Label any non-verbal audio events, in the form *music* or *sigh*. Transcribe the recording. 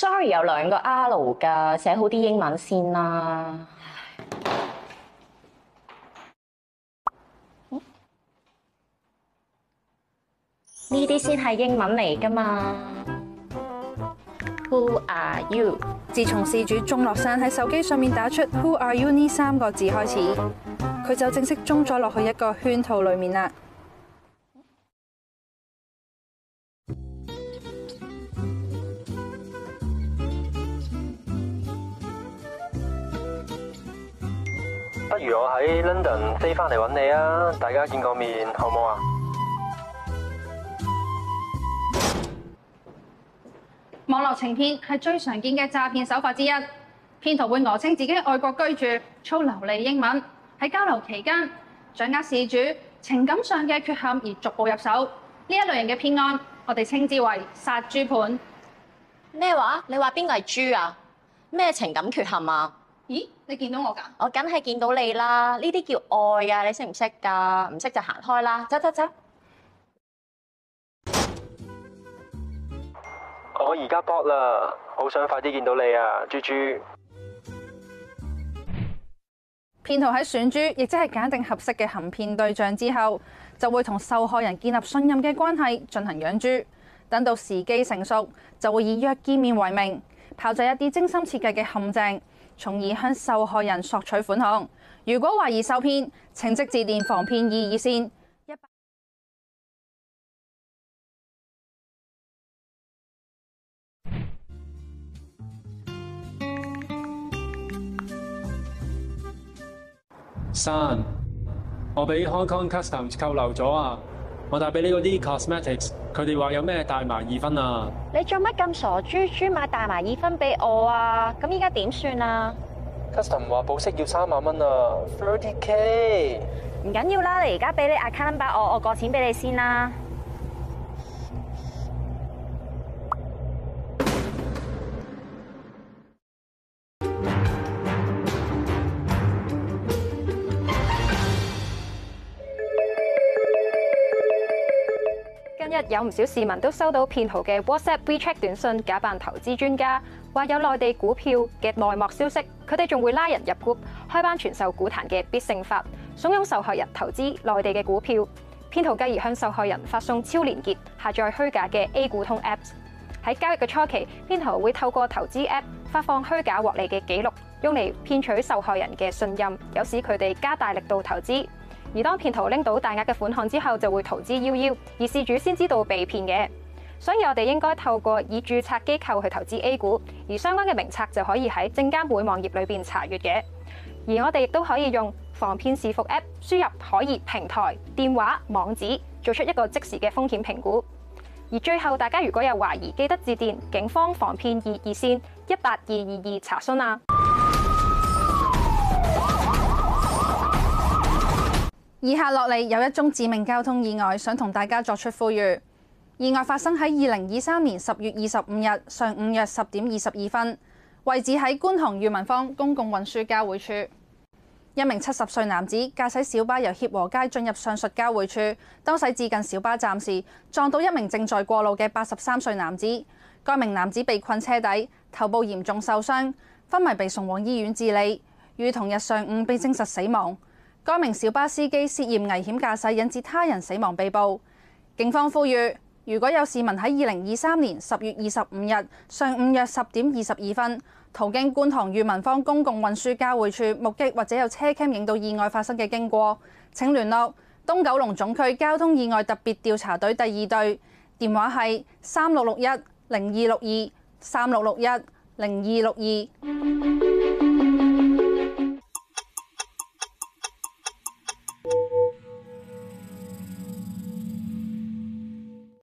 Sorry 有兩個 R 噶，寫好啲英文先啦。呢啲先係英文嚟噶嘛？Who are you？自從事主中落山喺手機上面打出 Who are you 呢三個字開始，佢就正式中咗落去一個圈套裡面啦。如我喺 London 飛翻嚟揾你啊，大家見個面好唔好啊？網絡情騙係最常見嘅詐騙手法之一，騙徒會訛稱自己喺外國居住，操流利英文，喺交流期間掌握事主情感上嘅缺陷而逐步入手。呢一類型嘅騙案，我哋稱之為殺豬盤。咩話？你話邊個係豬啊？咩情感缺陷啊？咦？你見到我噶？我梗係見到你啦！呢啲叫愛啊，你識唔識噶？唔識就行開啦！走走走！我而家博啦，好想快啲見到你啊，豬豬！騙徒喺選豬，亦即係揀定合適嘅行騙對象之後，就會同受害人建立信任嘅關係，進行養豬。等到時機成熟，就會以約見面為名，炮製一啲精心設計嘅陷阱。從而向受害人索取款項。如果懷疑受騙，請即致電防騙二線。一三，我俾 Hong Kong Customs 扣留咗啊！我帶俾你嗰啲 cosmetics。佢哋話有咩大麻二分啊？你做乜咁傻豬豬買大麻二分俾我啊？咁依家點算啊？Custom 話保釋要三萬蚊啊，Thirty K。唔緊要啦，你而家俾你 account number，我我過錢俾你先啦。今日有唔少市民都收到騙徒嘅 WhatsApp、WeChat 短信，假扮投資專家，話有內地股票嘅內幕消息，佢哋仲會拉人入股，r 開班傳授股壇嘅必勝法，慫恿受害人投資內地嘅股票。騙徒繼而向受害人發送超連結，下載虛假嘅 A 股通 Apps。喺交易嘅初期，騙徒會透過投資 App 發放虛假獲利嘅記錄，用嚟騙取受害人嘅信任，誘使佢哋加大力度投資。而當騙徒拎到大額嘅款項之後，就會逃之夭夭，而事主先知道被騙嘅。所以我哋應該透過以註冊機構去投資 A 股，而相關嘅名冊就可以喺證監會網頁裏邊查閲嘅。而我哋亦都可以用防騙視伏 App 輸入可疑平台電話網址，做出一個即時嘅風險評估。而最後，大家如果有懷疑，記得致電警方防騙二二線一八二二二查詢啊！ *noise* 以下落嚟有一宗致命交通意外，想同大家作出呼籲。意外發生喺二零二三年十月二十五日上午約十點二十二分，位置喺觀塘裕民坊公共運輸交匯處。一名七十歲男子駕駛小巴由協和街進入上述交匯處，當駛至近小巴站時撞到一名正在過路嘅八十三歲男子。該名男子被困車底，頭部嚴重受傷，昏迷，被送往醫院治理，於同日上午被證實死亡。多名小巴司機涉嫌危險駕駛，引致他人死亡被捕。警方呼籲，如果有市民喺二零二三年十月二十五日上午約十點二十二分，途經觀塘裕民坊公共運輸交匯處，目擊或者有車 cam 影到意外發生嘅經過，請聯絡東九龍總區交通意外特別調查隊第二隊，電話係三六六一零二六二，三六六一零二六二。